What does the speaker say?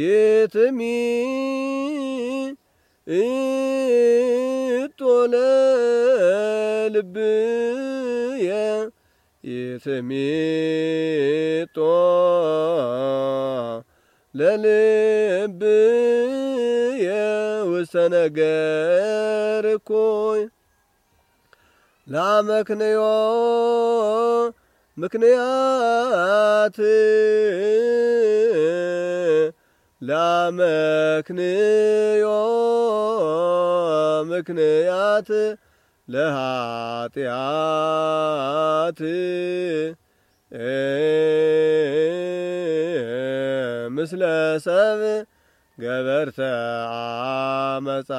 ይትሚ እጦለ ልብየ ይትሚ ጦ ውስተ ነገር እኮይ ላመክንዮ ምክንያት ላመክንዮ ምክንያት ለኃጢአት ምስለ ሰብ ገበርተ አመፃ